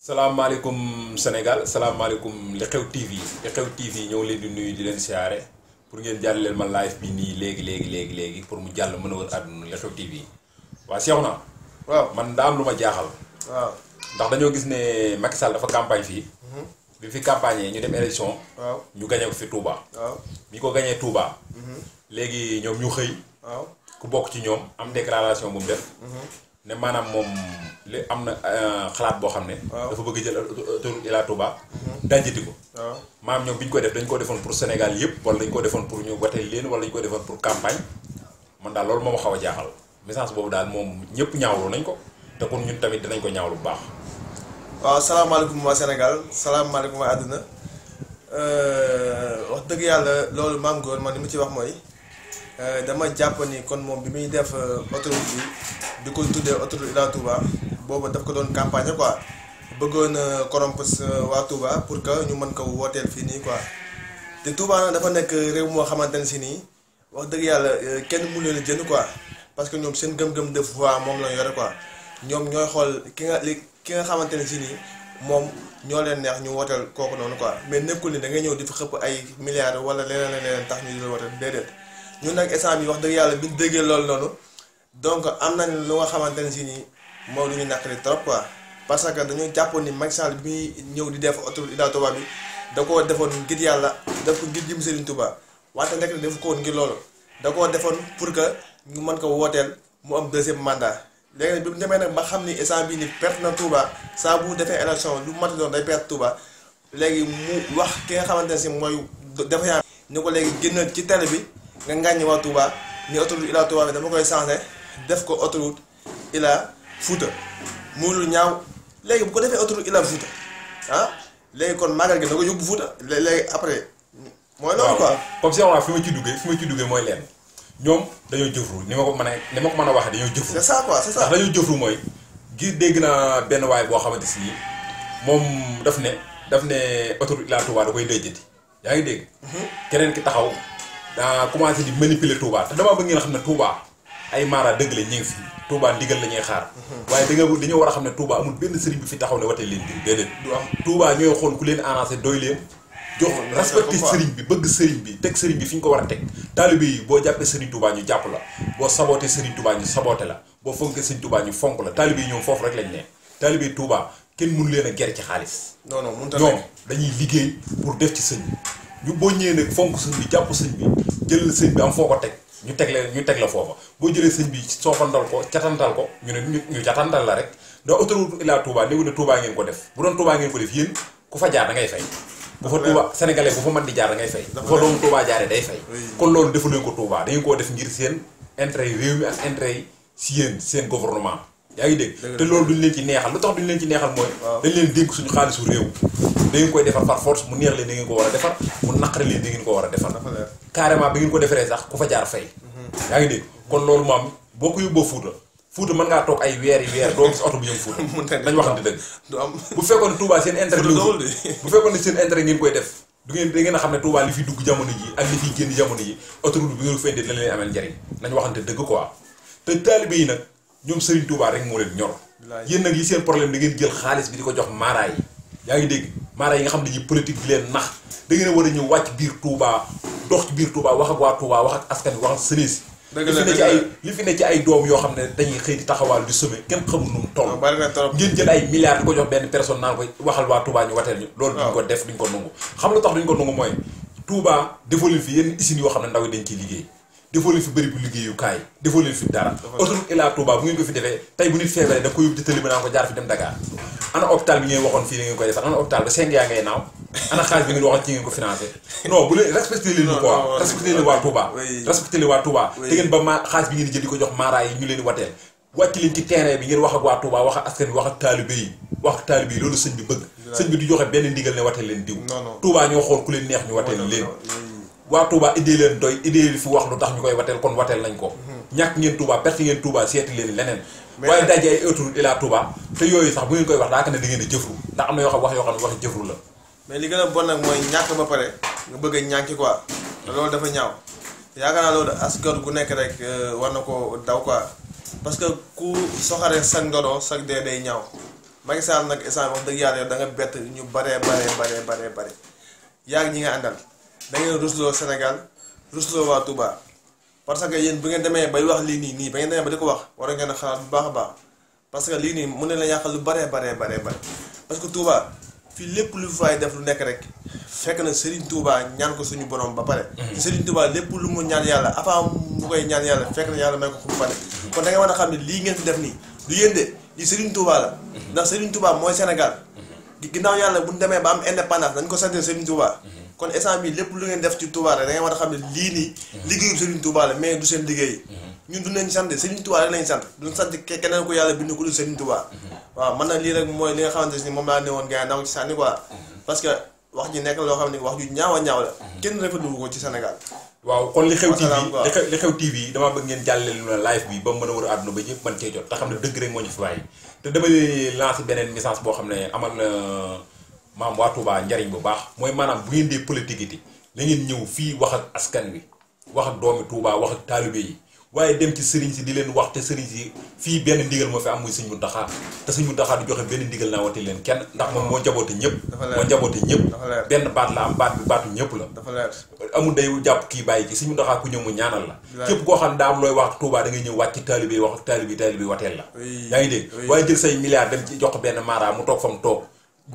salaamaaleykum Sénégal salaamaaleykum li xew TV li xew TV ñoo leen di nuyu di leen siyaare pour ngeen jàllale ma live bi nii léegi léegi léegi léegi pour mu jàll mën a wër àdduna li xew TV waa seexu na. waaw man daa am lu ma jaaxal. waaw ndax dañoo gis ne Macky Sall dafa campagne fii. Mhm. bi fi campagne ñu dem élection. ñu gagné ko fi Touba. waaw bi ko gagné Touba. Mhm. léegi ñoom ñu xëy. ku bokk ci ñoom am déclaration bu mu def. Mhm. ne maanaam moom li am na euh, xalaat boo xam ne. dafa bëgg jël autoroute Ila Touba. Mm-hmm. dajati ko. waaw maam ñoom bi ñu koy def dañ ko defoon pour Sénégal yëpp wala dañ ko defoon pour ñu watee leen wala dañ ko defoon pour campagne man daal loolu moo ma xaw a jaaxal message boobu daal moom ñëpp ñaawlu nañ ko te kon ñun tamit dinañ ko ñaawlu bu baax. waaw salaamaaleykum waa Sénégal salaamaaleykum waa àdduna euh, wax dëgg yàlla loolu maam góor man li ma ci wax mooy. Euh, dama jàpp ni kon moom bi muy def euh, autoroute bi di ko tuddee autoroute Ila Touba boobu daf ko doon campagne quoi bëggoon a euh, corrompre waa Touba pour que ñu mën ko wooteel fii nii quoi te Touba nag dafa nekk réew moo xamante ne si nii wax dëgg yàlla kenn mu leen a jënd quoi parce que ñoom seen gëm-gëm de voix moom la yore quoi ñoom ñooy xool ki nga li ki nga xamante ne si nii moom ñoo leen neex ñu wooteel kooku noonu quoi mais nekkul ni da ngay ñëw di fi xëpp wala leneen leneen tax ñu di ñu nekk instant bi wax dëgg yàlla bi ñu déggee loolu noonu donc am nañ lu nga xamante ne si nii moo du ñu naqari trop quoi parce que dañoo jàppoon ni Macky Sall bi ñëw di def autoroute Ila Touba bi da koo defoon ngir yàlla def ko ngir jëm Serigne Touba wante nekk na defu ko woon ngir loolu da koo defoon pour que ñu mën ko wooteel mu am deuxième mandat léegi nag bi mu nag ba xam ni instant bii ni perte na Touba saa bu defee élection lu mat doon day perte Touba léegi mu wax ki nga xamante ne si mooy dafa yaa ñu ko léegi ci télé bi nga ngàññi waa Touba ni autoroute Ila Touba bi koy changé def ko autoroute Ila Fouta muy lu léegi bu defee autoroute Ila Fouta ah kon màggal gi na ko yóbbu après. mooy loolu fi ma ci duggee fi ma ci duggee mooy leen ñoom dañoo jëfru ni ko mën a ko mën a waxee dañoo jëfru. c'est ça quoi mooy. gis dégg naa benn waay boo xamante si moom daf ne daf ne autoroute Ila Touba da koy yaa ngi dégg. Mhm. keneen ki taxaw commencé di manipuler Touba te damaa bëgg ngeen xam ne Touba ay maara dëgg la ñu ngi fi Touba ndigal la ñuy xaar mhm. waaye da nga dañoo war a xam ne Touba amul benn sëriñ bi fi taxaw ne watee leen di déedéet du am ñooy xool ku leen arrangé doy leen jox respecté sëriñ bi bëgg sëriñ bi teg sëriñ bi fi ñu ko war a teg taalibe yi boo jàppee sëriñ Touba ñu jàpp la boo saboté sëriñ Touba ñu saboote la boo fonkee sëriñ Touba ñu fonk la taalibe yi ñoom foofu rek lañ ne taalibe yi Touba kenn leen a ger ci xaalis non non ñoom dañuy liggéey pour def ci sëñ ñu boññee nag fonk sëñ bi jàpp sëñ bi jël sëñ bi am foo ko teg ñu teg leen ñu teg la foofa boo jëlee sëñ bi soofandal ko catantal ko ñu ne ñu ñu catantal la rek ndax laa ila Touba léegi ne Touba ngeen ko def bu doon Touba ngeen ko def yéen ku fa jaar da fay bu fa Touba sénégalais bu fa man di jaar da ngay fay bu fa doomu Touba jaaree day fay kon loolu defu leen ko Touba dañu koo def ngir seen intérêt yi réew mi ak intérêt yi si yéen seen gouvernement yaa ngi dégg te loolu duñ leen ci neexal lu tax duñ leen ci neexal mooy dañ leen dénk suñu xaalisu réew da koy defar par force mu neex leen da ko war a defar mu naqare leen da a defar carrément bi ngeen ko defaree sax mhm. boo ko yóbboo Fuuta mën ngaa toog ay weer yi weer doo gis oto bu jëm Fuuta dañ waxante dëgg bu fekkoon Touba seen intérêt bu fekkoon ne seen intérêt ngeen koy def du ngeen da ngeen a xam ne Touba li fi dugg jamono ji ak li fiy génn jamono ji autoroute bi ngeen ko fay leen amel njariñ nañ waxante dëgg quoi te taalibe yi nag ñoom Serigne Touba rek moo leen ñor. yéen nag li seen problème da jël xaalis bi di ko jox maara yi. yaa ngi dégg maara yi nga xam dañuy politique di leen nax da ngeen a war a ñëw wàcc biir Touba dox ci biir Touba waa Touba askan wax ak sëriñ si li fi ci ay li yoo xam ne dañuy xëy taxawaal di semé kenn xamul nu mu toll ah, jël ay milliards jox benn personne waxal waa Touba ñu wateel ñu loolu duñ ko def duñ ko nangu xam la tax duñ ko nangu mooy Touba defalin fi yenn usines yoo xam ne ndaw dañ ciy liggéey defoo leen fi bëri bu liggéeyukaay defoo leen fi dara autoroute Ila Touba bu ngeen ko fi defee tey bu nit feebaree da ko yóbbu ci tëli naa ko jaar fi dem Dakar ana hôpital bi ngeen waxoon fii da ngeen koy defar ana hôpital ba seng yaa ngay naaw ana xaalis bi ngeen waxoon ci leen te bi ngeen jël di ko jox maaraay yi ñu leen wateel wàcc leen ci terrain bi ngeen wax ak waa Touba wax ak bi wax ak taalibe yi wax ak yi loolu sëñ bi bëgg sëñ bi du joxe benn ndigal ne wateel leen diw Touba ñoo xool ku waa Touba idée leen doy idée fi wax lu tax ñu koy wateel kon wateel nañ ko. Mhm. ñàkk ngeen Touba perte ngeen Touba seeti leen leneen. waaye daje ay autoroute ila Touba te yooyu sax bu ngeen koy wax daaka ne di ngeen a jëfru ndax am na yoo xam wax yoo xam la. mais li gën a bon nag mooy ñàkk ba pare nga bëgg a ñànki quoi te loolu dafa ñaaw yaakaar naa loolu askan gu nekk rek euh, war na ko daw quoi parce que ku soxaree sag ndoro sag dee day ñaaw Macky Sall nag instant wax dëgg yàlla da nga bett ñu baree baree baree baree bare yaa ñi nga àndal da ngeen rusloo Sénégal rusloo waa tubaa parce que yéen bu ngeen demee bay wax lii nii nii ba ngeen demee ba di ko wax war ngeen a xalaat bu baax a baax parce que lii nii mën na la yàqal lu baree bare baree bare parce que Touba fii lépp lu fay def lu nekk rek fekk na Serigne Touba ñaan ko suñu borom ba pare. Mhm. Serigne Touba lépp lu mu ñaan yàlla avant mu koy ñaan yàlla fekk na yàlla may ko xum pare. kon da nga a xam ne lii ngeen fi def nii du yéen de lii Serigne Touba la. Mhm. ndax Serigne Touba mooy Sénégal. Mhm. ginnaaw yàlla bu ñu demee ba am dañ ko sant Serigne Touba. kon instant bi lépp lu ngeen def ci Touba rek da ngeen war a xam ne lii nii. Mhm. liggéeyu Serigne Touba la mais du seen liggéey. Mhm. ñun du leen sant Serigne Touba rek lañ sant duñ sant keneen ko yàlla bind ko dul Serigne Touba. Mhm. waaw man nag lii rek mooy li nga xamante ni moom laa ne woon gars yi ci sànni loo xam ne wax ju ñaaw ñaaw la. kenn rafetlu ko ci Sénégal. waaw kon li xew TV li xew TV damaa bëgg ngeen jàllale lu ne live bi ba mu mën a wër àdduna ba ñëpp mën cee jot te xam ne dëgg rek moo ñu fi waaye te boo xam ne amal na maam waa Touba njariñ bu baax mooy maanaam bu ngeen dee politique it na ngeen ñëw fii wax ak askan wi wax ak doomi Touba wax ak taalibe yi waaye dem ci sëriñ si di leen wax te sëriñ si fii benn ndigal moo fi am muy sëñ Muntaxa te sëñ Muntaxa du joxe benn ndigal leen kenn ndax moom moo njaboote ñëpp moo njaboote ñëpp benn baat la am baat bi baatu ñëpp la amul day jàpp kii bàyyi ki sëñ Muntaxa ku ñëw mu ñaanal la képp koo xam daam looy wax Touba da ngay ñëw wàcc taalibe wax ak taalibe taalibe wateel la yaa ngi dégg waaye jël say milliards dem ci jox benn maara mu toog fa mu toog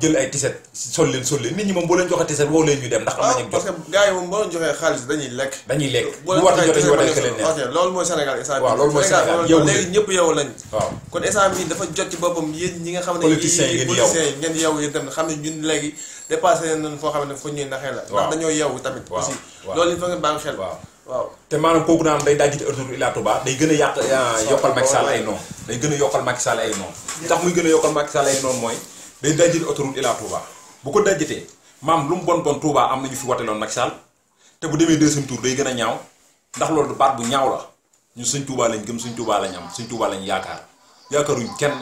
jël ay tiset sol leen sol leen nit ñi moom boo leen joxee tiset woo leen ñu dem ndax am nañu ah, parce que gars yi moom boo leen joxee a jotee ñu leen neex loolu mooy Sénégal instant waaw loolu mooy Sénégal yow waaw kon instant dafa jot ci boppam ñi nga xam ne politiciens yi ngeen yow yéen tamit xam ne ñun léegi dépassé nañ foo xam ne fu ñuy naxee la ndax dañoo yow tamit aussi loolu il faut nga xel te maanaam kooku naan day dajjite autoroute Ila Touba day a yàq ah, yokkal Macky ay noonu day gën a yokkal Macky Sall ay a yokkal Macky Sall ay day dajale autoroute Ila Touba bu ko dajatee maam lu mu bon bon Touba am nañu fi wateloon Macky saal te bu demee deuxième tour day gën a ñaaw ndax loolu baat bu ñaaw la ñun suñ Touba lañ gëm suñ Touba lañ am suñ Touba lañ yaakaar yaakaaruñ kenn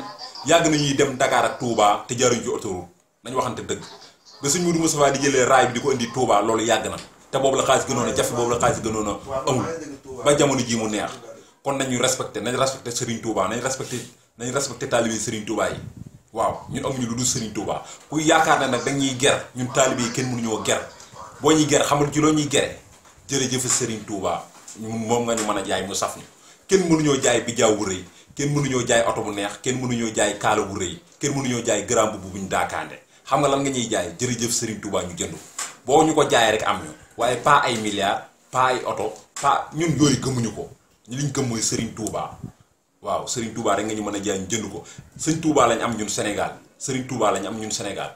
yàgg nañuy dem Dakar ak Touba te jaaruñ ci autoroute nañ waxante dëgg ba suñ Mourou Moustapha di jëlee raay bi di ko indi Touba loolu yàgg na te boobu la xaalis gënoon jafe boobu la xaalis gënoon a amul ba jamono ji mu neex kon nañu respecté nañ respecté Serigne Touba nañ respecté nañ respecté taalibe Serigne Touba yi waaw ñun amuñu lu dul Serigne Touba ku yaakaar na nag dañuy ger ñun taalibe yi kenn mënuñoo ger boo ñuy ger xamal ci loo ñuy gere jërëjëf Serigne Touba moom nga ñu mën a jaay mu saf ñu kenn mënuñoo jaay bijaaw wu rëy kenn mënuñoo jaay oto bu neex kenn mënuñoo jaay kaala wu rëy kenn mënuñoo jaay garaam bu buñ daakaande xam nga lan ñuy jaay jërëjëf Serigne Touba ñu jënd boo ñu ko jaayee rek am ñu waaye pas ay milliards pas ay oto pas ñun yooyu gëmuñu ko luñ gëm mooy Serigne Touba waaw sëriñ Touba rek nga ñu mën a jaay ñu jënd ko sëñ Touba lañ am ñun Sénégal sëriñ Touba lañ am ñun Sénégal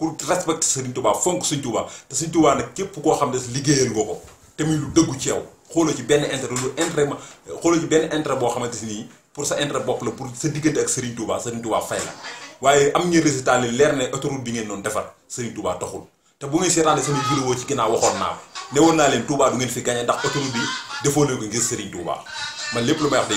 ku respecté sëriñ Touba fonk sëñ Touba te sëñ Touba nag képp koo xam ne liggéeyal nga ko te muy ci yow xooloo ci benn intérêt lu ma xooloo ci benn intérêt boo xamante ni pour sa intérêt bopp la pour sa diggante ak sëriñ Touba sëriñ Touba fay la waaye am ñu résultat li leer ne autoroute bi ngeen doon defar sëriñ Touba taxul te bu ngeen seetaanee sama vidéo ci ginnaaw waxoon naa ne woon naa leen Touba du ngeen fi gagné ndax autoroute bi defoo leen ko ngir sëriñ Touba man lépp lu may wax day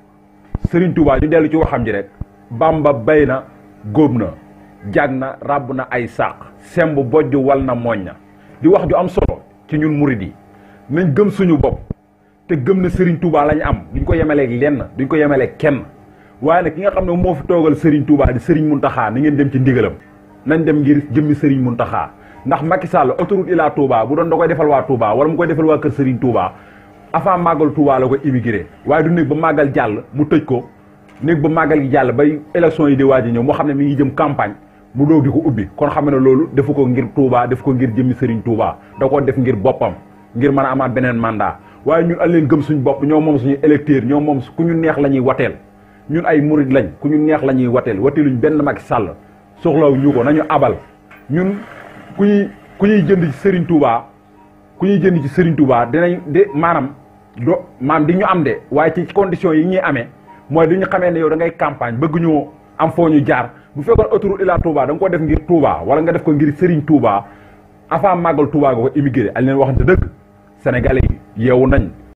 Serigne Touba ñu dellu ci xam ji rek bàmba bay na góob na jag na ràbb na ay saaq semb bojj wal na mooñ na di wax ju am solo ci ñun murid yi nañ gëm suñu bopp te gëm na Serigne Touba lañ am duñ ko yemaleeg lenn duñ ko yemaleeg kenn waaye nag ki nga xam ne moo fi toogal Serigne Touba di Serigne Mountakha ni ngeen dem ci ndigalam nañ dem ngir jëmmi Serigne Mountakha ndax Macky Sall autoroute Ila Touba bu doon da koy defal waa Touba wala mu koy defal waa kër Serigne Touba avant màggal Touba la ko immigré waaye du néeg ba màggal jàll mu tëj ko néeg ba màggal gi jàll bay élection yi di waaj a ñëw moo xam ne mi ngi jëm campagne mu doog di ko ubbi kon xam na loolu defu ko ngir Touba def ko ngir jëmmi Serigne Touba da koo def ngir boppam ngir mën a amaat beneen mandat waaye ñun al leen gëm suñu bopp ñoo moom suñu électeur ñoo moom ku ñu neex la ñuy wateel ñun ay murid lañ ku ñu neex la ñuy wateel wateeluñ benn Macky Sall soxlaw ñu ko nañu abal ñun ku ku ñuy jënd Serigne Touba ku ñuy jënd ci Serigne Touba dinañ de maanaam do maam di ñu am de waaye ci condition yi ñuy amee mooy du ñu xamee ne yow da ngay campagne bëgg ñu am foo ñu jaar bu fekkoon autoroute Ila Touba da nga ko def ngir Touba wala nga def ko ngir Serigne Touba avant màggal Touba nga ko immigré añ leen waxante dëkk sénégalais yi yeewu nañ